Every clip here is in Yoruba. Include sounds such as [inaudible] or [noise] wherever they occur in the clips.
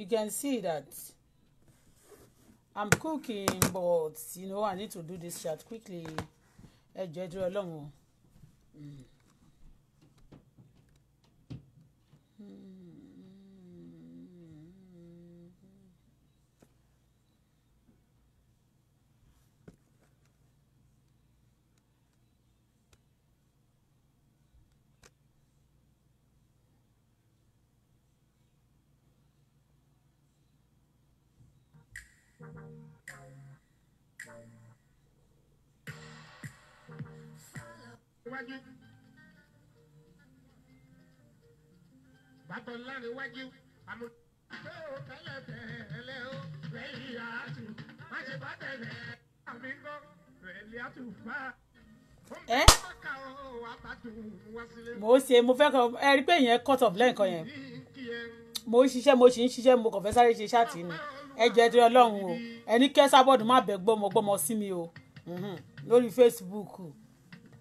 you can see that I'm cooking but you know I need to do this chat quickly ẹ jẹ́ dúró Mm. láríwájú àmọ́. ṣé o tẹ́lẹ̀ tẹ́lẹ̀ o rẹ̀lì àtù má ṣe bá tẹ̀lẹ̀ àmì ńkọ́ rẹ̀lì àtù bá. ẹ mo ṣe mo fẹ́ kọ ẹ rí pé ìyẹn cut off lẹ́ǹkan yẹn mo ń ṣiṣẹ́ mo sì ń ṣiṣẹ́ mo kàn fẹ́ sáré ṣe ṣáàtì ni ẹ jẹ́ ẹtí ọlọ́run o ẹni kẹ́ sábọ́ọ̀dù má bẹ̀ gbọ́mọgbọ́mọ sí mi o lórí Facebook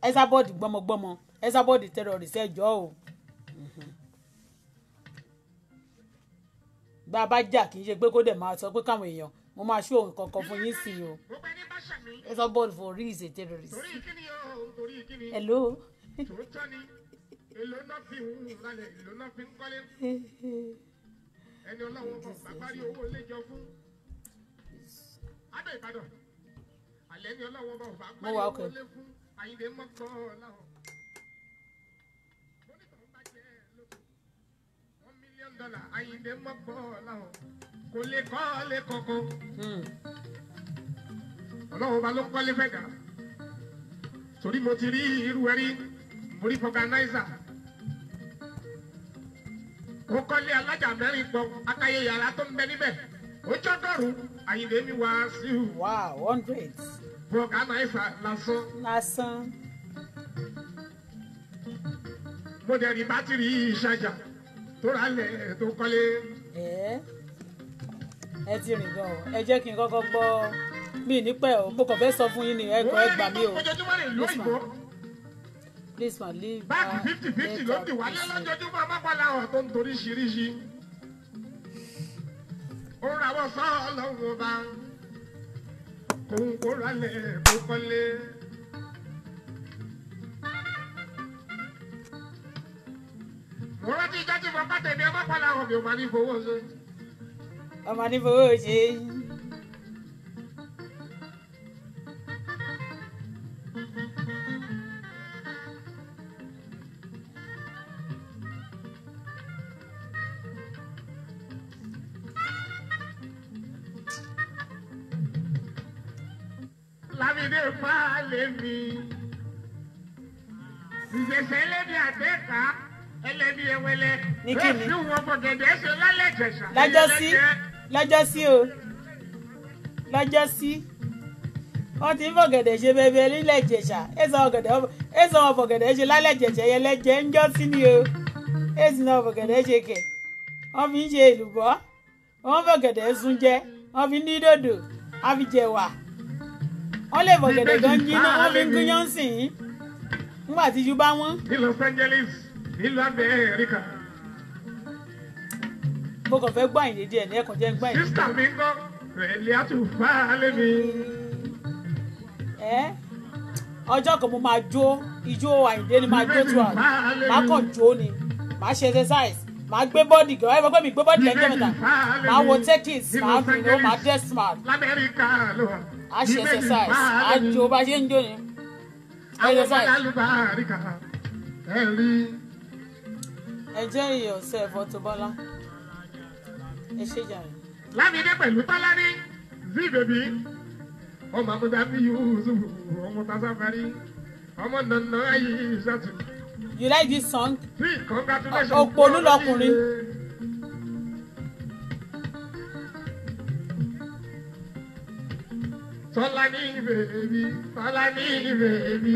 ẹ sábọ́ọ̀dù gbọ́mọgbọ́mọ ẹ sábọ́ọ̀dù tẹrọrìsì ẹjọ́ o. Mm-hmm. bá a bá jà kì í ṣe pé kó dẹ̀ máa sọ pé káwọn èèyàn mo máa ṣó òun kankan fún yín sí i o Esabod for real is a terrorist. hello. tòótọ́ ni èlò náà fi ń ralẹ̀ èlò náà fi ń kọ́lé ẹni ọlọ́wọ́ bọ̀ bàbárí owó léjọ fún adé Ìbàdàn àlẹ́ ni ọlọ́wọ́ bọ̀ bàbárí owó lé fún àyìnbó mọ́kọ́ ọlọ́wọ́. dọ́là àyíǹde mọ́gbọ́ ọlọ́run kò lè kọ́ lè koko. Hmm. ọlọ́run ba ló kọ́lé fẹ́ dà torí mo ti rí irú ẹrí mo rí fọganáìsà ó kọ́lé alájà mẹ́rin pọ̀ akáyé yàrá tó ń bẹ níbẹ̀ ó jọ́dọ̀rù àyíǹde mi wá sí i. wow hundred. fọganáìsà lásán. lásán. mo dẹ̀ rí bátìrì yìí ṣàjà tó tó kọ́lé. ẹ ti rìn gan o ẹ jẹ́ kí n kọ́kọ́ gbọ́ mi nípẹ́ o mo kàn fẹ́ sọ fún yín ni ẹ ẹ gbà mí o please ma leave. báàgì uh, fifty fifty ló ń wálé lọ́jọ́júmọ́ amápàlà ọ̀ tó ń torí ṣiríṣi. ó rawọ́ sọ́ọ́ lọ́wọ́ bá kóńkó rálẹ̀ kókọ́lé. mo rántí ìjọ tí bàbá tẹ̀mí ọmọ padà hàn mi ní fowó ṣe. ọmọ ní fowó ṣe. lámìdé pa lèmi ṣìṣẹ́ sẹ́lẹ̀ ní àtẹ́ká ẹlẹ́bi ewele rẹ́ẹ̀sì wọn sí lọ́jọ́ sí o lọ́jọ́ sí wọ́n ti ń fọ̀gẹ̀dẹ̀ ṣe bẹbẹ nílẹ̀ ìjẹ̀sà ẹ̀sán wọn fọ̀gẹ̀dẹ̀ ṣe lálẹ́ ìjẹ̀sà yẹn lẹ́jẹ̀ ń jọ́ sí ni o ẹ̀sìn náà fọ̀gẹ̀dẹ̀ ṣe kẹ̀ wọ́n fi ń ṣe èlùbọ́ wọ́n fọ̀gẹ̀dẹ̀ sun jẹ wọ́n fi ní dòdò á fi jẹ̀wà wọ́n lè gan jiná wọ́n fi ń gúnyán sìn yín nígbà tí ju bá wọ́n. ní Los Angeles nílùú Amẹ́ríkà. mo kàn fẹ́ gbọ́ àyìnlé díẹ̀ ní ẹ̀kọ́ jẹ́ ń gbọ́ àyìnlé. sísítà mi ń gbọ́ rẹ̀lẹ́ àtúfà lẹ́mi. ẹ ọjọ́ kan mo máa jó ijó àyìnlé ni máa jó tiwa máa kàn jó ni máa ṣe exercise màá gbé bọ́ọ̀dì gan ẹ mọ̀ pé mi gbé bọ́ọ̀dì lẹ́jọ́ mẹ́ta màá wo tekis màá bìnú màá desmart a ṣe exercise a jó bá ṣe ń jó ni exercise ẹ jẹ́rìí ọ̀sẹ̀ ẹ̀fọ́tobọ́lá ẹ ṣe jàre. lámìdé pẹ̀lú tọ́lání zi bèbí ọmọ àmúta bí yúùsù ọmọ tasafari ọmọ nànà ayé ìṣàtù. you like this song? please congratulations. òpònú lọkùnrin. tọ́lání bèbí tọ́lání bèbí.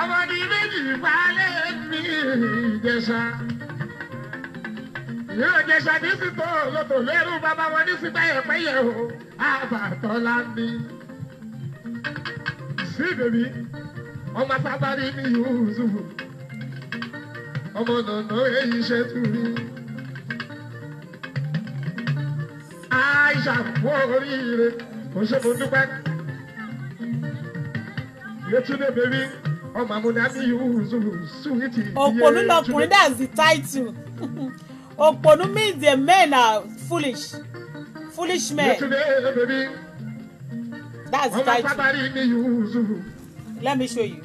ọmọdé méjì balẹ̀ mi Ìjẹ̀ṣà yóò Ìjẹ̀ṣà ní sípò lọ́tò lẹ́rú bàbá wọn ní sípò ẹ̀pẹ́yẹ o àbàtọ́lá mi sí bèbí ọmọ sábàrí mi yóò zùbù ọmọ nànà èyí ṣe tù mí. Aisha fún oríire kò ṣe mo dúpẹ́ létí ní bèbí ọmọ amúnábí yóò súwìtì. òpònú lọkùnrin that's the title òpònú means the men are foolish foolish men. that's the title. let me show you.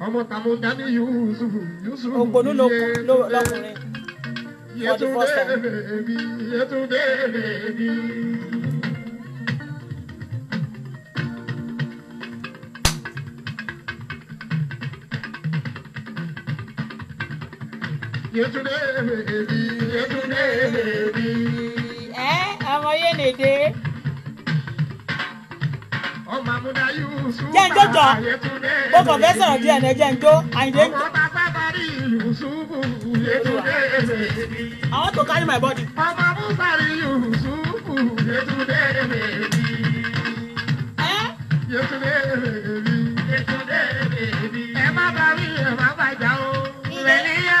ọmọ tàmúdání yóò zùwù yóò zùwù. òpònú lọkùnrin for the first time. yesterday baby yesterday baby. yetunde bèbí yetunde bèbí. ẹ ọmọ yénèdè. ọmọ amúdá Yusufa jẹ́njọ́jọ́ mo kàn fẹ́ sọ̀rọ̀ díẹ̀ ní jẹ́njọ́ àyìnlẹ́. ọmọ bàbá bari Yusufu yetunde bèbí. I want to carry my body. ọmọ musari Yusufu yetunde bèbí. ẹ yetunde bèbí. yetunde bèbí. ẹ má bá mi ẹ má bàjá o. ìrẹ̀lẹ́yà.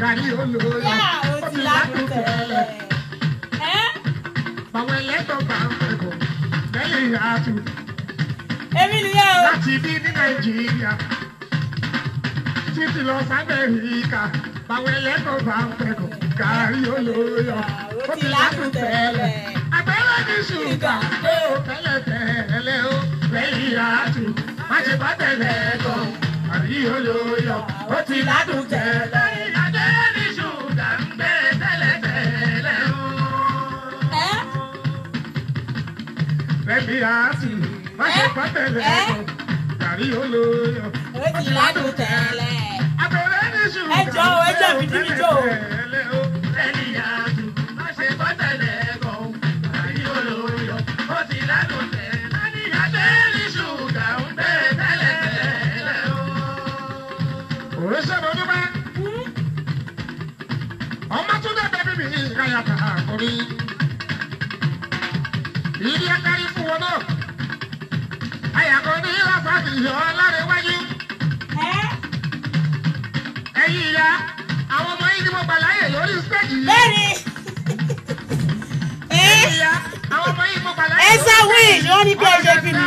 kárí olóyè òbí lákùtẹ̀. Bàwọn ẹlẹ́tọ̀ bá ń fẹ̀kọ̀ lẹ́yìn àtù. Èmi nìyẹn o. Láti bí ní Nàìjíríà títí lọ sábẹ́ ìka bàwọn ẹlẹ́tọ̀ bá ń fẹ̀kọ̀ kárí olóyè òbí lákùtẹ̀. Àgbẹ̀rẹ̀ ní ṣùgbà pé o tẹ́lẹ̀ tẹ́lẹ̀ o lẹ́yìn àtù. Má ṣe bá tẹ̀lẹ̀ kọ̀ kárí olóyè ó ti ládùn ẹbí àásù máṣe pátẹ̀lẹ̀ ẹ̀kọ́ kàrí olóyọ. ó ti ládùn tẹ̀lẹ̀. àtọ̀rẹ́ ní ṣùgbọ́n ẹjọ́ ẹjọ́ mi dí mi jò. tẹ̀lẹ̀ o ẹni àásù máṣe pátẹ̀lẹ̀ ẹ̀kọ́ kàrí olóyọ. ó ládùn tẹ̀lẹ̀. ọmọ tó dẹ́ bíbí ní ìgbà yàtọ̀ àkórí ilé kárí fún wọn náà àyàkọ ní ìlàfà fìyàn ọlọ́rin wájú. ẹ̀yin ìyá àwọn ọmọ yìí ni mo gbà láyè lórí stéèjì yìí. bẹ́ẹ̀ni ẹ̀yin ìyá àwọn ọmọ yìí mo gbà láyè lórí stéèjì yìí. ẹ sáwìn lórí bí ọjọ́ bí mi.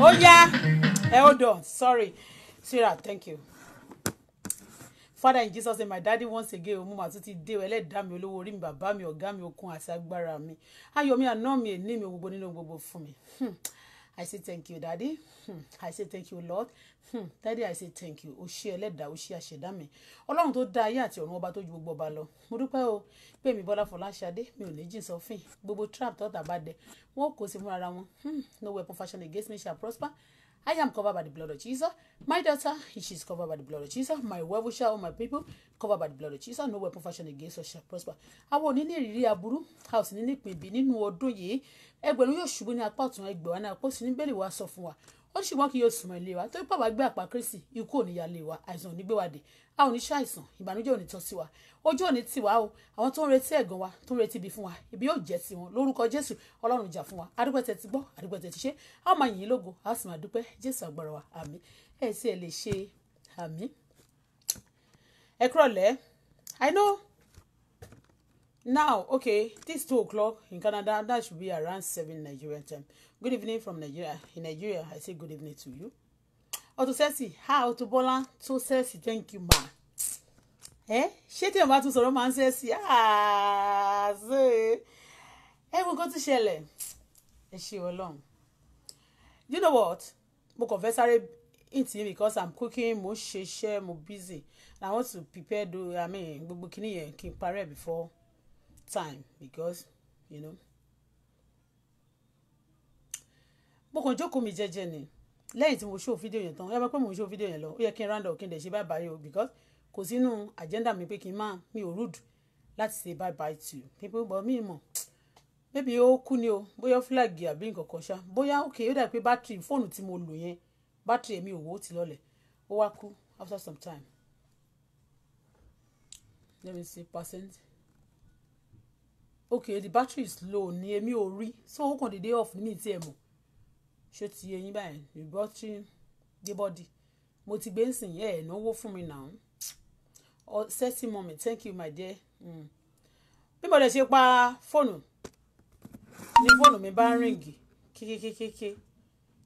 ó yá ẹ hold on sorry sarah thank you father in jesus name my daddy once again omo màtún ti dé ẹlẹ́dàá mi olówó orí mi bàbá mi okun àti mi ayọ̀ mi àná mi èní mi gbogbo nínú gbogbo mi. Hmm. I say thank you daddy hmm. I say thank you lord hmm. daddy I say thank you o ṣé ẹlẹ́dàá o ṣé àṣẹ̀dá mi ọlọ́run tó dá ayé àti ọ̀run ọba tó ju gbogbo ọba lọ mo dúpẹ́ o pé mi bọ́lá fọláṣadé mi ò ní jìn sọ́fìn gbogbo trap tọ́ta bá dẹ wọn kò sí fún ara wọn hmm. no weapon fashion against me shall prosper I am covered by the blood of Jesus. My daughter, she is covered by the blood of Jesus. My wife shall, all my people, covered by the blood of Jesus. No weapon fashioned against us shall prosper. Àwọn onílé ìrírí aburú, a ò sì ní nípìn ibi nínú ọdún yìí ẹgbẹ̀rún yóò ṣubú ní apá ọ̀tún ẹgbẹ̀wá ní apá òsì ní bẹ́ẹ̀lì wa sọ fún wa ó ṣùgbọ́n kì yóò súnmọ́ ilé wa torí pàwọ́ gbé àpá kristi ikú ò lé wa àìsàn ò a ò ní ṣàìsàn ìbànújẹ́ ò tọ́ sí wa ojú ò tì wá o àwọn tó ń retí ẹ̀gàn wa tó ń retí ibi fún wa ibi yóò jẹ́ ti wọn lórúkọ jésù ọlọ́run jà fún wa adúpẹ́tẹ̀ ti gbọ́ adúpẹ́tẹ̀ ti ṣe a máa yìn ín lógo a sì máa dúpẹ́ jésù agbára wa àmín ẹ̀ sì ẹ̀ lè ṣe àmín ẹ kúrọ̀lẹ́ I know now okay this two o'clock in Canada that should be around seven Nigerian time good evening from Nigeria in Nigeria I say good evening to you Auto Sexy hi Auto Bola so sexy thank you ma ẹ eh? ṣé tí wọn bá tún sọ̀rọ̀ máa ń sexy ah, ṣe ẹ wo nǹkan tún ṣẹlẹ̀ ẹ ṣe Ọlọ́run you know what mo kàn fẹ́ sáré because i'm cooking mo ṣe iṣẹ́ mo busy and i want to prepare do i mean gbogbo kini yẹn kí n parẹ́ before time because you know mo kàn jókòó mi jẹ́jẹ́ ni lẹ́yìn tí mo ṣó fídíò yẹn tán ẹ bá pẹ́ mo ṣó fídíò yẹn lọ ó yẹ kí n round up kí n dẹ̀ ṣe bye bye o because kò sínú agenda mi pé kí n máa mi ò rude láti say bye bye to you people but mi mọ̀ maybe ó kú ni o bóyá fúlàgì àbí nǹkan kan ṣá bóyá ok ó dàbí pé bátìrì fóònù tí mo lò yẹn bátìrì èmi ò wò ó ti lọlẹ̀ ó wá kú after some time let me see percent okay the battery is low ni èmi ò rí so ó kàn déédéé off ní mi tí ẹ mọ̀ ṣé ti eyín báyìí the battery the body, mo ti gbé nsìn yẹ ẹ̀ náwó now. mi náà setting moment thank you my dear hmm. bí mo dẹ̀ ṣe pa fóònù ní fóònù mi bá ń rìngì kékékékéké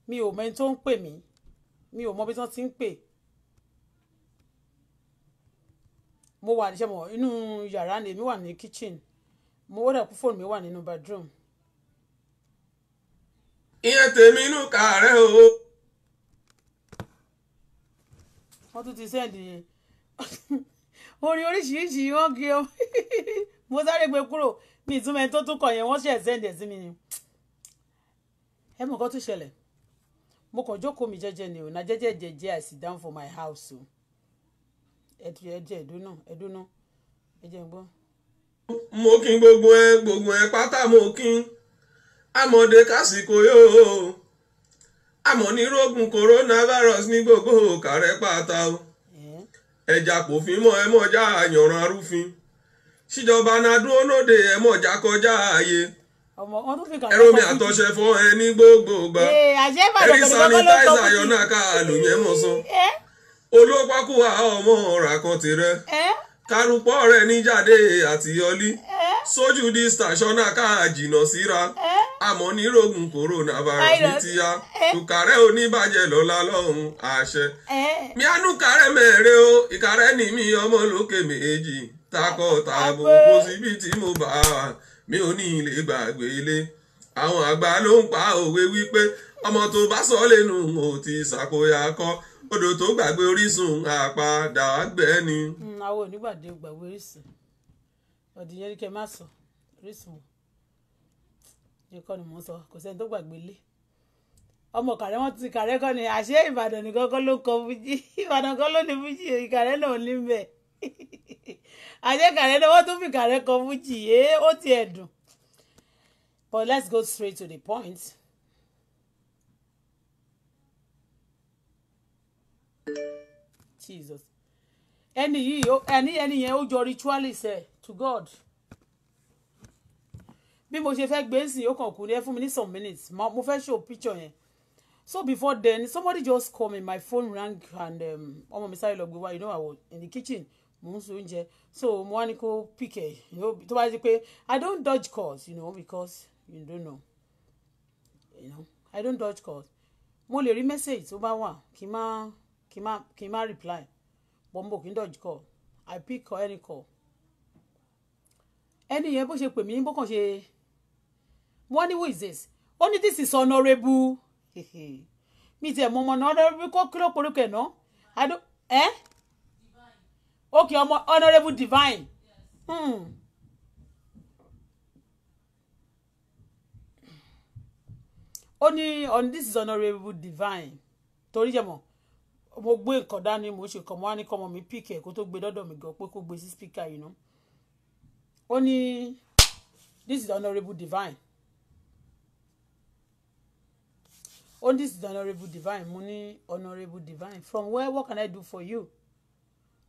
mi ò mẹ́ni tó ń pè mí mi ò mọ bí wọ́n ti ń pè mo wà níṣẹ́ mọ̀ inú yàrá ni èmi wà ní kitchen mo wọ́dà kú fóònù mi wà nínú bedroom. ìyẹn tèmi inú kàárẹ̀ o. wọ́n tún ti sẹ́ǹdì [laughs] orin oríṣiríṣi wọ́n gé o [laughs] mo sáré gbé kúrò ní ìtumọ̀ ẹni tó tún kọ̀ yẹn wọ́n ṣẹ̀ sẹ́ǹdì ẹ̀ mi ni. ẹ mọ̀ nǹkan ṣẹlẹ̀ mo kàn jókòó mi jẹ́jẹ́ ni o na jẹ́jẹ́ jẹ́jẹ́ I sit down for my house o ẹ̀dùn ẹ̀dùn ẹ̀dùn náà ẹ̀dùn náà ẹ̀jẹ̀ ń gbọ́. mo kí gbogbo ẹ gbogbo ẹ pátá mo kí amọ̀dé kásìkò yóò amọ̀ nírógùn coronavirus ní gbogbo kàrẹ́ pátá o ẹ̀jà kò fi mọ́ ẹ mọ̀já àyànràn arúfin síjọba nadúró lóde ẹ mọ̀já kọjá ààyè ẹrọmi àtọṣẹ fọ ẹ ní gbogbo gbà ẹrí sanitizer yọ náà ká àlùyẹn mọ̀ sọ olópakùwà ọmọ ọ̀rà kan tirẹ̀. kárùpọ̀ rẹ̀ níjàde àti ọlí eh? sójú distashọ́nà ká jìnnà síra eh? àmọ́ nírògùn ní tíya tùkàrẹ́ eh? oníbàjẹ́ lọ́la lọ́hùn àṣẹ. mianu mẹ́rẹ́ o ìkàrẹ́ ni mi ọmọ lókè méjì takọ tabo kó mo bá mi ò ní ilé gbàgbé ilé àwọn àgbà ló ń pa ọmọ tó bá sọ lẹ́nu ti ṣàkóyà kọ́. odò tó gbàgbé orísun àpàdà gbẹ ni. Hmm, àwọn onígbàdé gbàgbé orísun ọ̀dìyẹ ní kẹ́ má sọ orísun yẹn kọ́ ni mò ń sọ kò sẹ́ni tó gbàgbé lé ọmọ kàrẹ́ wọn ti kàrẹ́ kọ́ ni àṣé ìbàdàn nìkan kọ́ ló kọ fújì [laughs] ìbàdàn kọ́ ló ní fújì ìkàrẹ́ náà ní bẹ̀ [laughs] àṣé kàrẹ́ náà wọ́n tún fi kàrẹ́ kọ fújì ẹ́ eh, ó ti ẹ̀ dùn but let's go straight to the point. Jesus ẹni yìí ẹni ẹni yẹn ó jọ ritualist ẹ to God bí mo ṣe fẹ́ gbé ń sìn ó kàn kú ní ẹ fún mi ní some minutes mo fẹ́ show picture yẹn so before then somebody just call me my phone rang and um, ọmọ mi sáré lọ gbé wá you know I was in the kitchen mo ń so oúnjẹ so mo wá ní kó pick ẹ you know tó bá di pé I don't dodge calls you know because you don't know you know I don't dodge calls mo lè rí message tó bá wà kí n máa kí n má kí n má reply but mo kì í dodge call I pick call any call ẹni yẹn bó ṣe pè mí bó kàn ṣe wọ́n ní who is this ó ní this is honourable [laughs] mi tiẹ̀ mọ ọmọ náà honourable kó kí ló porúkọ ẹ̀ náà ẹ́ eh? okay ọmọ honourable divine. Hmm. ó ní on this is honourable divine torí jẹ́ mọ́ mo gbé nǹkan dání mo ṣe kàn mo wá ní kọ́mọ mi píkì kó tó gbé dọ́dọ̀ mi gan pé kó gbé sí spíkà yìí nú. ó ní this is the honourable divine ó ní this is the honourable divine mo ní honourable divine from where what can I do for you?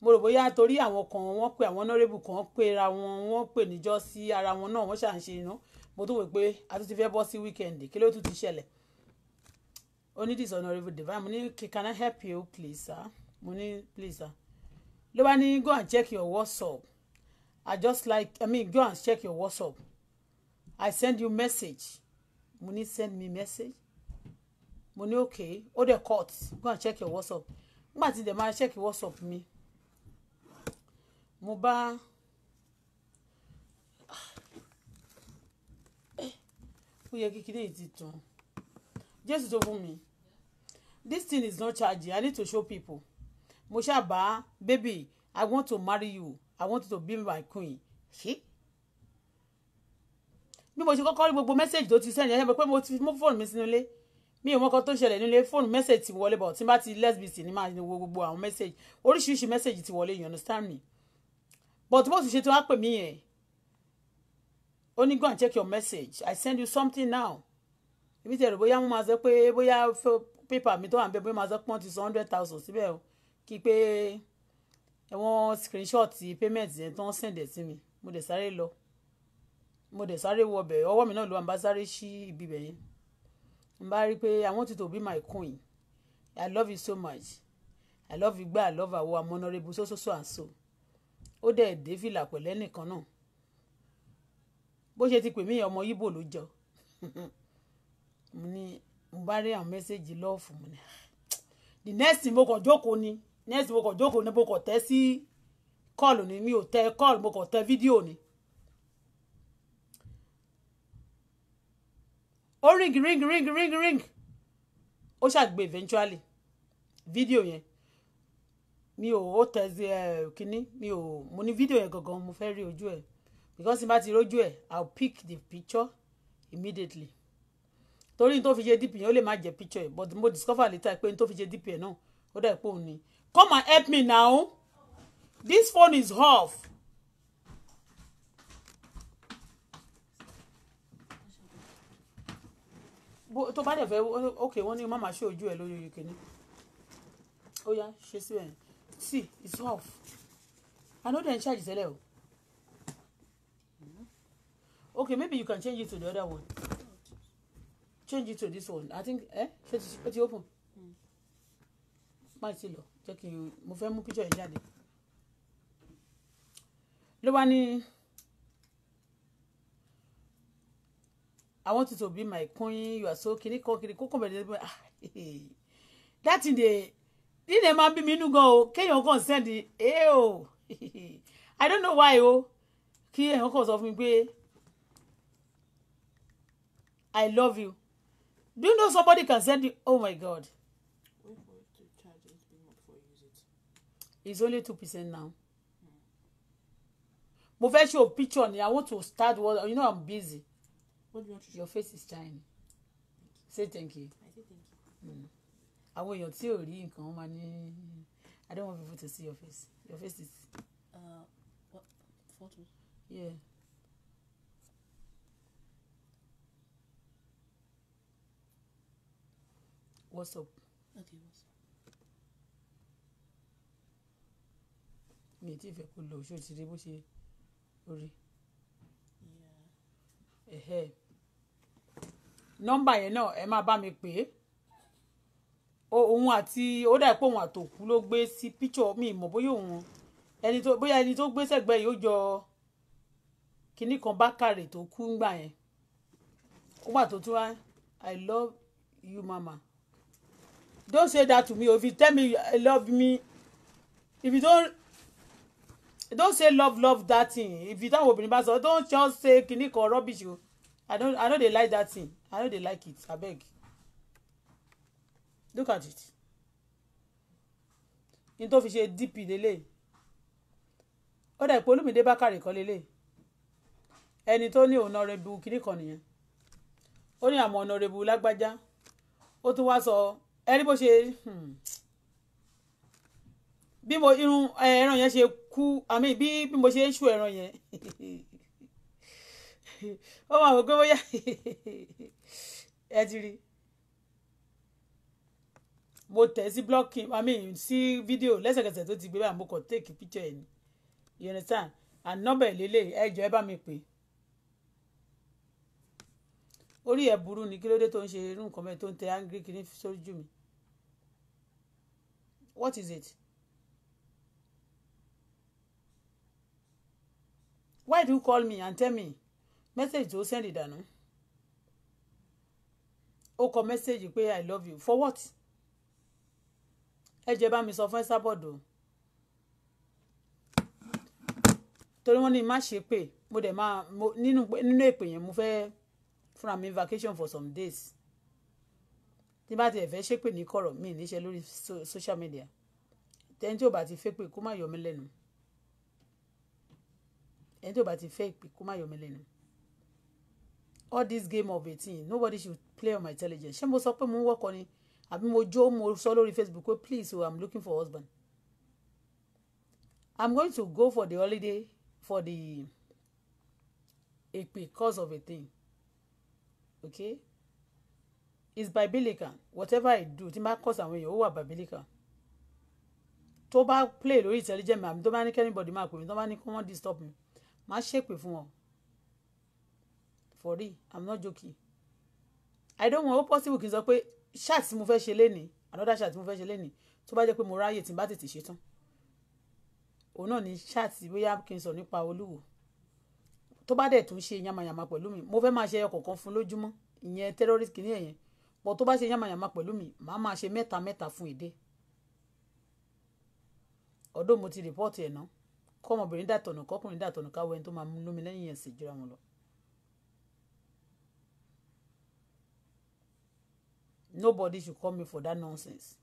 mo rò bóyá torí àwọn kan wọ́n pe àwọn honourable kan pera wọn wọ́n pè níjọ́ sí ara wọn náà wọ́n ṣàǹṣe iná mo tún wò pé a tún ti fẹ́ bọ́ sí weekend kí ló tún ti ṣẹlẹ̀ ó this honourable divine mo ní can I help you please sir mo ní please sir ló bá ní go and check your WhatsApp I just like I mean go and check your WhatsApp I send you message mo ní send me message mo ní okay ó dẹ̀ cut go and check your WhatsApp nígbà tí dẹ̀ máa check WhatsApp mi mo bá ó yẹ kékeré yìí ti tún. Jésù tó fún mi this thing is not charging I need to show people mo ṣàbá baby I want to marry you I want you to be my queen ṣí bí mo ṣe kọ́kọ́ rí gbogbo mẹ́sẹ̀gì tó ti sẹ́yìn ẹ̀yẹ́ pé mo ti mú fóònù mi sínú ilé mi ò mọ́kàn tó ń ṣẹlẹ̀ nílé fóònù message ti wọlé bọ̀ tí n bá ti lesbis ní máa wo gbogbo àwọn mẹ́sẹ̀gì oríṣiríṣi message ti wọlé you understand me but bó ti ṣe tí wọ́n á pè mí yẹn ó ní go and check your message I send you something now èmi ti ẹ̀rù bóyá wọ́n máa sọ pé bóyá pépà mi tó wà ń bẹ bóyá máa sọ pé wọ́n ti san hundred thousand síbẹ̀ o kí pé ẹ̀wọ̀n screenshot payment yẹn tó ń sẹ̀ǹdẹ̀ sí mi mo dẹ̀ sáré lọ mo dẹ̀ sáré wọ bẹ̀ ọwọ́ mi náà ló wà ń bá sáré sí ibi bẹ̀ yẹn n bá rí i pé I want you to be my queen I love you so much I love you gba I love so so sósósó àǹso ó dẹ̀ dé fìlà pẹ̀lẹ́ nìkan náà bó ṣe ti pè mí ọmọ Yíbò ló jọ [laughs] mo ní mo bá rí àwọn mẹ́sẹ̀gì lọ́ọ̀fù mo ní the next thing mo kàn jókòó ni next mo kàn jókòó ni mo kàn tẹ́ sí kọ́ọ̀lù ni mi ò tẹ kọ́ọ̀lù mo kàn tẹ fídíò ni. ó ring ring ring ring ring ó ṣàgbé eventually fídíò yẹn mi ò ó tẹ ẹ kínní mi ò mo ní fídíò yẹn gangan mo fẹ́ rí ojú ẹ̀ because tí n bá ti rójú ẹ̀ i will pick the picture immediately torí tó fi ṣe dp yẹn ó lè má jẹ́ picture but mo discover later pé tó fi ṣe dp yẹn náà ó dà pé òun ni come and help me now this phone is off. tó bá dẹ̀ fẹ́ ok wọ́n ní mama ṣe ojú ẹ̀ lórí oyè kìíní ó yá ṣe sí ẹ̀ see it's off i know dey charge tẹ́lẹ̀ o ok maybe you can change it to the other one change it to this one i think eh. ṣe ti ṣe open má ti lọ jẹ́ kí n mo fẹ́ mú picture yẹn jáde ló wá ní i want you to be my queen you are so kiri kan kiri kókò bẹ̀rẹ̀ lẹ́gbẹ̀ẹ́ ah that in the nínú ẹ̀ máa ń bí mi inú gan o kéèyàn kàn sẹ́ndì ee [laughs] i don't know why o kí ẹ̀yàn kàn sọ fún mi pé i love you Do you know somebody can send you? Oh my God. Wait for it to charge it before you use it. It's only two percent now. Mo fẹ́ your picture ni I want to start what you know I'm busy. What do you want to Your face is shining. Say thank you. I say thank you. Hmm. Àwọn èèyàn tí ò rí nǹkan I don't want people to see your face. Your face is. Uh, what photo? Yeah. what's up. okay what's up. mi ò tí ì fẹ́ kó lọ ṣó ti rí bó ṣe orí. nọ́mbà yẹn náà ẹ máa bá mi pè é òun àti ó dà pé òun àtòkú ló gbé sí píchọ mi mọ̀ bóyá òun ẹni tó bóyá ẹni tó gbé sẹ́gbẹ́ yìí ó jọ kinní kan bá kàrè tó kú ńgbà yẹn ó gbà tó tún wá i love you mama don't say that to me oh, if you tell me you love me if you don't don't say love love that thing if you don't obìnrin bá sọ don't just say "kini kan rubbish o oh. i don't i no dey like that thing i no dey like it abeg look at it n tó fi ṣe dp lélẹ̀ ó dà pé Olúmídé Bákàrè kan lélẹ̀ ẹni tó ní honorable kinní kan nìyẹn ó ní àmọ́ honorable lágbájá ó tún wá sọ ẹni bó ṣe hmm, bí mo irun ẹran yẹn ṣe kú àmì bí bí mo ṣe ń ṣú ẹran yẹn [laughs] ó máa wò pé bóyá [laughs] ẹ ti rí mo tẹ̀ sí blocking I mean sí fídíò lẹ́sẹ̀kẹsẹ̀ tó ti gbé báyìí mo kàn take picture ẹ̀ ni you understand and nọ́bẹ̀ lélẹ̀ ẹjọ́ ẹ bá mi pè é orí ẹ̀ burú ni kí tó ń ṣe irú nǹkan bẹ́ẹ̀ tó ń tẹ angry kiri sójú mi what is it why do you call me and tell me message tó send ìdànù ó kọ message pé i love you for what ẹ jẹ́ bá mi sọ fún ẹ sábọ̀dọ̀ o. torí wọ́n ní má ṣe pé mo dẹ̀ máa nínú èpè yẹn mo fẹ́ fúnra mi vacation for some days tí bá tiẹ̀ fẹ́ ṣépè ní kọ̀rọ̀ mi níṣẹ́ lórí social media ẹni tí ò bá ti fẹ́ pè kó má yọ mí lẹ́nu ẹni tí ò bá ti fẹ́ pè kó má yọ mí lẹ́nu all this game of a thing. nobody should play on my intelligence ṣé mo sọ pé mo ń wọ́kọ ni àbí mo jó mo sọ lórí Facebook pé please o i'm looking for husband i'm going to go for the holiday for the èpè cause of a thing okay it's biblical whatever I do tí n cause àwọn èèyàn ó wà biblical tó bá play lórí intelligent mi àmì tó bá ní anybody máa pè mí tó bá ní kí disturb me. máa ṣépè fún wọn for real i'm not joking i don't want ó possible kí n sọ pé ṣáàtì tí mo fẹ́ ṣe lénìí another ṣáàtì tí mo fẹ́ ṣe lénìí tó bá jẹ́ pé mo ráyè tí n bá tètè ṣe tán òun náà ní ṣáàtì bóyá kí n sọ tó bá dẹ̀ tún ṣe yamayama pẹ̀lú mi mo fẹ́ máa ṣe ẹyọ fún lójúmọ́ ìyẹn terrorist kìíní ẹ̀yẹn pọ̀ tó bá ṣe yamayama pẹ̀lú mi màá máa ṣe mẹ́ta mẹ́ta fún ìdè ọdún mo ti rìpọ́ọ̀tì ẹ̀ náà kọ́mọbìnrin dàtọ̀nù kọ́kùnrin dàtọ̀nù káwọ́ ẹni tó máa lómi lẹ́yìn ẹ̀ sì wọn lọ. Nobody should call me for that nonsense.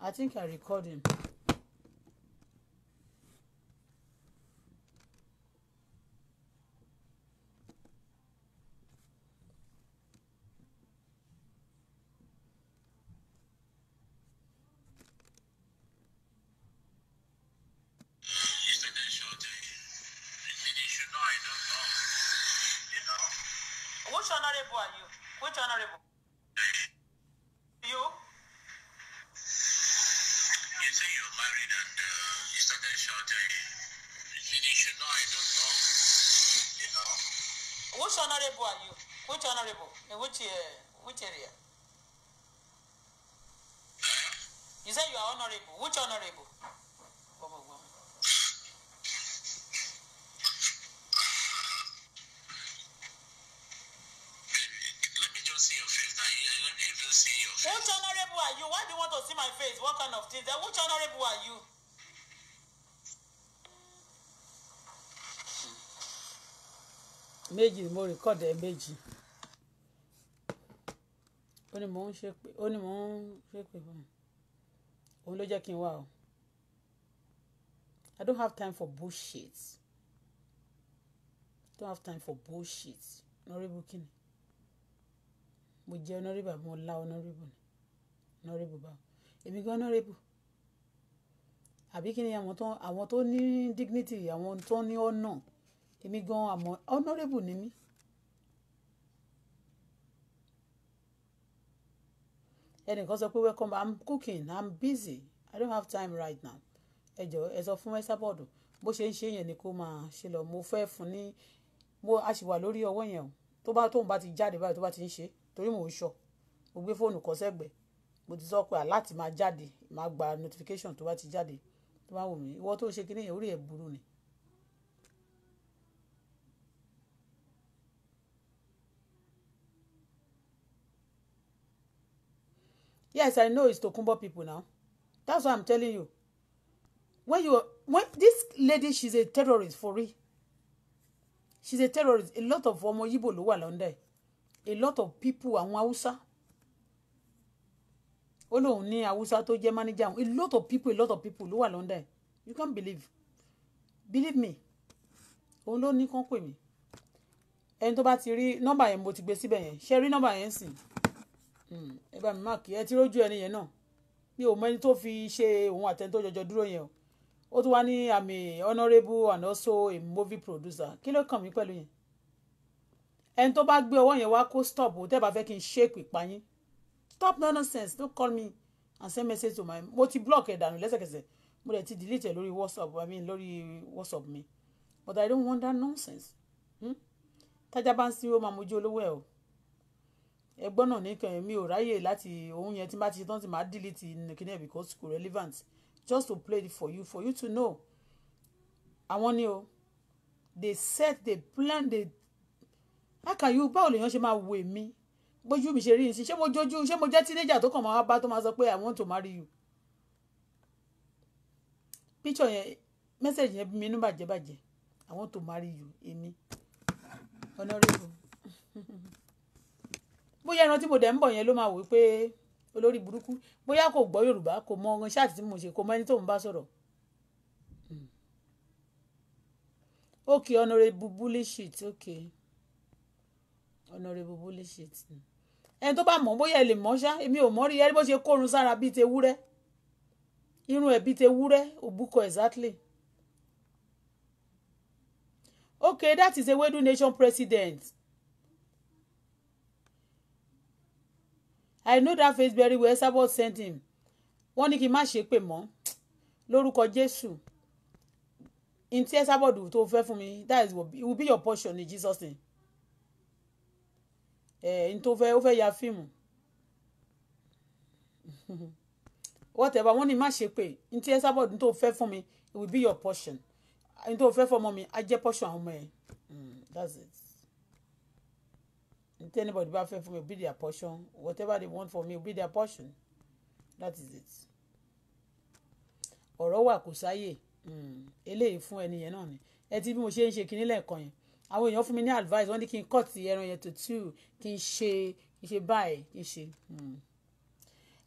I think I recording. You say you are honorable. Which honorable? Which honorable are you? Why do you want to see my face? What kind of things? Which honorable are you? méjì mo rìkọ́dì ẹ méjì ó ní mò ń ṣépè ó ní mò ń ṣépè fún un òun ló jẹ́ kí n wá o I don't have time for bullshit don't have time for bullshit honourable kini mo jẹ́ honourable àbí mo la honourable ni honourable báwo èmi gan honourable àbí kini ni àwọn tó àwọn tó ní dignity àwọn tó ní ọ̀nà èmi gan àmọ́ honourable ni mí ẹnìkan sọ pé welcome i'm cooking i'm busy i don't have time right now ẹ jọ ẹ sọ fún Esabod bó ṣe ń ṣe yẹn ni kó máa ṣe lọ mo fẹ́ fún ní mo a sì wà lórí ọwọ́ yẹn o tó bá tóun bá ti jáde báyìí tó bá ti ń ṣe torí mò ń sọ mo gbé fóònù kan sẹ́gbẹ̀ẹ́ mo ti sọ pé aláàtì máa jáde máa gba notification tó bá ti jáde tó bá wù mí ìwọ tó ń ṣe kíní yẹn orí ẹ̀ burú ni yes i know it's Tokunbo people now that's why i'm telling you when you when this lady she's a terrorist for real she's a terrorist a lot of ọmọ yibo ló wà lọ́ndẹ̀ a lot of people àwọn haúsá ó ni ní haúsá tó jẹ́ manager a lot of people a lot of people ló wà lọ́ndẹ̀ you can't believe believe me òun ni ní kán pè mí ẹni tó bá ti rí nọ́mbà yẹn mo ti gbé síbẹ̀ yẹn ṣe rí nọ́mbà yẹn sìn. Si Hmm. ẹ bá mi máàkì ẹ ti rójú ẹni yẹn náà mi ò mọ ẹni tó fi ṣe òun àtẹni tó jọjọ dúró yẹn o ó tún wá ní àmì honourable and also a movie producer kí ló kàn mí pẹ̀lú yẹn ẹni tó bá gbé ọwọ́ yẹn wá kó stop o tẹ́ẹ̀ bá fẹ́ kí n ṣe èpè pa yín stop no nonsense don't call me and send message to my mo ti block ẹ̀ dànù lẹ́sẹ̀kẹsẹ̀ mo dẹ̀ ti delete ẹ̀ lórí whatsapp i mean lórí whatsapp mi but i don't want that nonsense hmm? tájà bá ń sinmi ó máa mojú olówó ẹ̀ o ẹgbọ́n náà ní kàn mi ò ráyè láti ohun yẹn tí bá ti tán ti máa delete nìkíní ẹ̀ because kò relevant just to play for you for you to know àwọn ni o they set they plan they how báwo lèèyàn ṣe máa wo èmi bójú mi ṣe rí ní ṣé mo jójú ṣé mo jẹ́ teenager tó kàn máa wá bá tó máa sọ pé I want to marry you picture yẹn message yẹn bí mi inú bàjẹ́ bàjẹ́ I want to marry you èmi honorable. [laughs] bóyá ẹran tí mo dẹ̀ ń bọ̀ yẹn ló máa wò pé olórí burúkú bóyá kò gbọ́ yorùbá kò mọ ọ̀ràn ṣáàtì tí mo ṣe kò mọ ẹni tó ń bá sọ̀rọ̀. Hmm. okay honourable bullshit okay honourable bullshit ẹni tó bá mọ̀ bóyá ẹ lè mọ̀ ṣá èmi ò mọ̀ rí ẹ bó ṣe kórun sára bíi tewúrẹ́ irun ẹ̀ bíi tewúrẹ́ òbúkọ exactly. okay that is a Ewedu nation president I know that face very well Esabod sent him wọ́n ní kí n má ṣe pè mọ́ lórúkọ Jésù in tí Esabod tó fẹ́ fún mi that is it will be your portion in Jesus name ẹ̀ eh, n tó fẹ́ ó fẹ́ ya fíìmù [laughs] whatever wọ́n ní má ṣe pè n tí Esabod tó fẹ́ fún mi it will be your portion n tó fẹ́ fún ọmọ mi á jẹ́ portion àwọn ọmọ ẹ̀ hmm, that's it ní anybody bá fẹ́ fún mi will be their portion whatever they want for me be their portion that is it ọ̀rọ̀ wà kò sáyè hmm. eléyìí fún ẹni yẹn náà ni ẹ ti bí mo ṣe ń ṣe kinní lẹ́ẹ̀kan yẹn àwọn èèyàn fún mi ní advice wọ́n ní kí n cut ẹran yẹn to two kí n ṣe kí n ṣe báyìí kí n ṣe. Hmm.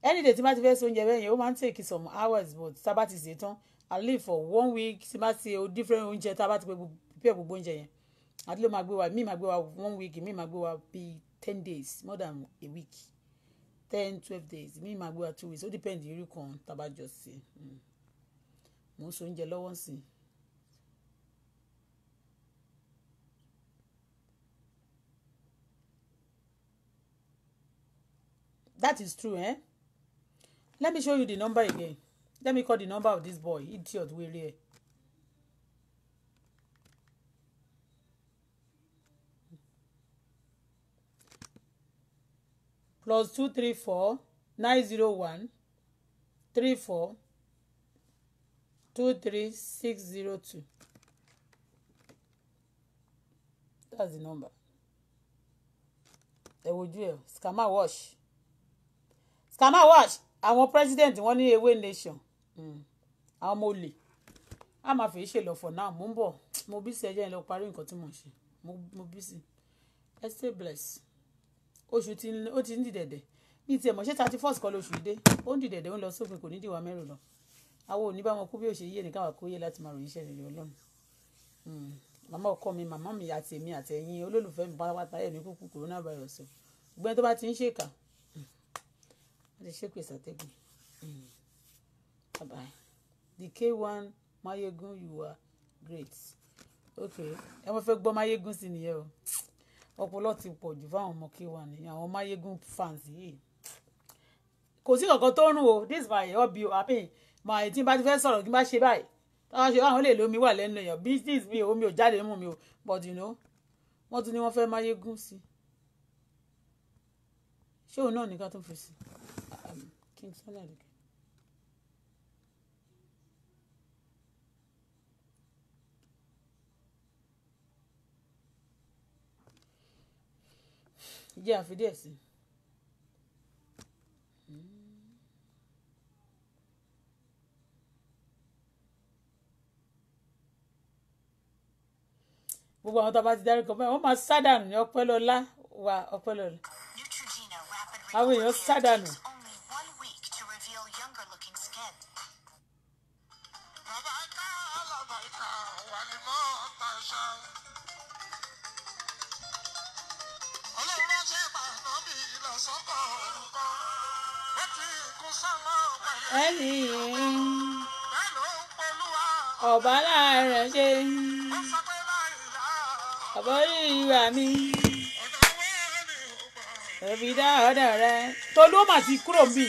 any day tí bá ti fẹ́ so oúnjẹ bẹ́ẹ̀ yẹn ó máa ń take some hours but tá a bá ti sè tán i live for one week tí bá ti o different oúnjẹ tá a bá ti pẹ́ gbogbo oúnjẹ yẹn àti ló máa gbé wa míì máa gbé wa one week míì máa gbé wa be ten days more than a week ten twelve days míì máa gbé wa two weeks ó depend irú kan tábàjọ sí hmm. mò ń so oúnjẹ lọ́wọ́ sí That is true, eh? Let me show you the number again. Let me call the number of this boy. Idiot, where really. plus two three four nine zero one three four two three six zero two that's the number ẹ wojú ẹ scammer wash scammer wash àwọn president wọn ní ewé nation hmm. àwọn ọmọ olè a máa fi ṣe lọ for now mo ń bọ̀ mo bí sí ẹjẹ yẹn lọ parí nǹkan tí mo ń ṣe mo bí sí ẹ stay blessed oṣù tí ó ti ń dìdẹ̀dẹ̀ ní tiẹ̀ mọ̀ ṣé thirty first kọ́ lóṣù dé ó ń dìdẹ̀dẹ̀ ó ń lọ sófin kò ní dìwà mẹ́rù lọ àwọn òní bá wọn kú bí ó ṣe yé nìkan wà kó yé láti máa ròyìn iṣẹ́ rere ọlọ́run hmm. màmá ọkọ mi màmá mi àti èmi àtẹ̀yìn olólùfẹ́ mi pátápátá ẹ̀mí kúkú corona virus ṣùgbọ́n tó bá ti ń ṣèkà wọ́n ti ṣépè sàtẹ́gùn the K1 Mayegun you are great okay ẹ wọ́n fẹ́ gbọ́ Mayegun sí nìyẹn o ọpọlọ ti pọ̀ jù fáwọn ọmọ K1 nìyẹn àwọn mayegun fans yìí kò sí kankan tó ń rùn o this my hobby o àmì mà tí n bá ti fẹ́ sọ̀rọ̀ kí n bá ṣe báyìí táwọn ṣe àwọn olè lómi wà lẹ́nu èèyàn business mi omi ò jáde mú mi o but you know wọ́n tún ní wọ́n fẹ́ mayegun sí ṣé òun náà nìkan tó fi sí King Sunny Adé. jẹ́ àfi díẹ̀ sí. gbogbo àwọn tó bá ti dárúkọ mẹ́rin wọ́n máa sádànù ní ọpẹ́lọ́lá wa ọpẹ́lọ́lá àwọn èèyàn sádànù. ẹni yìí ọba láàárọ̀ ṣe àbọ̀rí ìwà mi ẹ̀bí dá ọ̀dà rẹ. tolú ó mà ti kúrò mbì.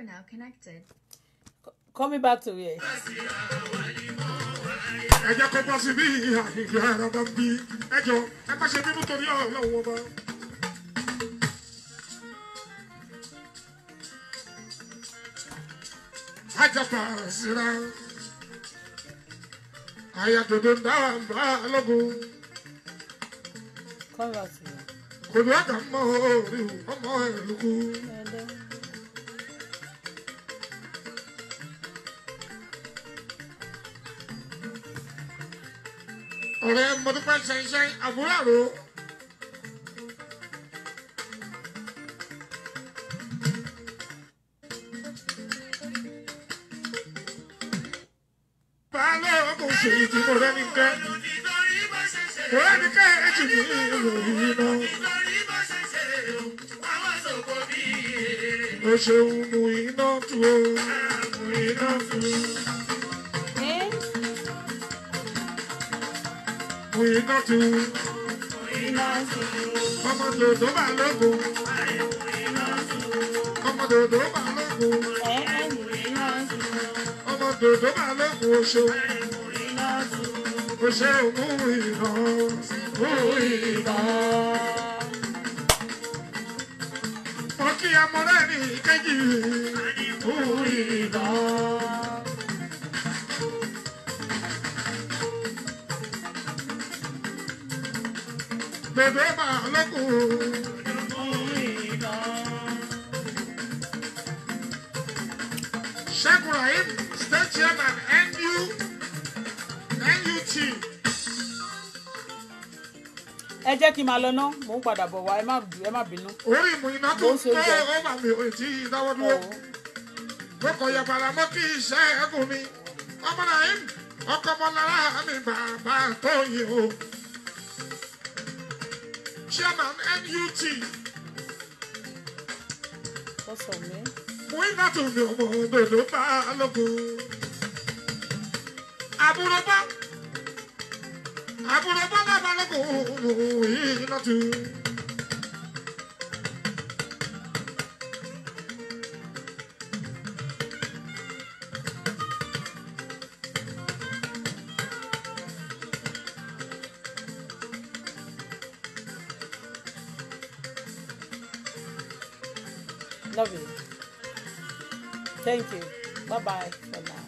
are now connected. C call me back to here. ẹ jẹ́ kó sí bí ìhà ìgbà bá ń bí ẹ jọ ṣe bínú torí ọlọ́wọ́ ọba. ajapa síra ayatodo dára ń bá lọ́gùn. kọ́ńtà sí i. kò ní ọ̀gá mọ́ orí ọmọ ẹ̀ lókun. ọ̀rẹ́ mo dúpẹ́ ṣẹṣẹ àbúrò àrò. baálé ọkọ̀ òṣèlú tí mo rẹ́ nìkẹ́ mo rẹ́ nìkẹ́ ẹ̀jì mi ìròyìn náà. Ó ṣeun mú iná tu o, mú iná tu o. fún iná tu. Ọmọ dòdò bá lógun. Ọmọ dòdò bá lógun. Ọmọ dòdò bá lógun oṣù. Oṣù mú iná, mú iná. Mo kí ọmọ rẹ̀ ní ìkejì, bèbè bà lọ́kù. Sheikh Rahim, state chairman, NU, NUT. Ẹ jẹ́ kí n máa lọ ná, mò ń padà bọ̀ wá, ẹ má bínú. Orí ìmú iná tó ń pẹ́ ọmọ mi ò tí ì dáwọ́ dúró. Mo kọ̀ yẹ̀ bàrà mọ́ kí iṣẹ́ ẹ̀gùn mi. Ọmọ Rahim, ọkọ̀ ọmọ lára mi bàbá tó yìí o chairman NUT. Ó sọ mí. Muinatu ni ọmọ ọdọ ló bá lọ́gùn. Àbúrò bá Thank you. Bye bye for now.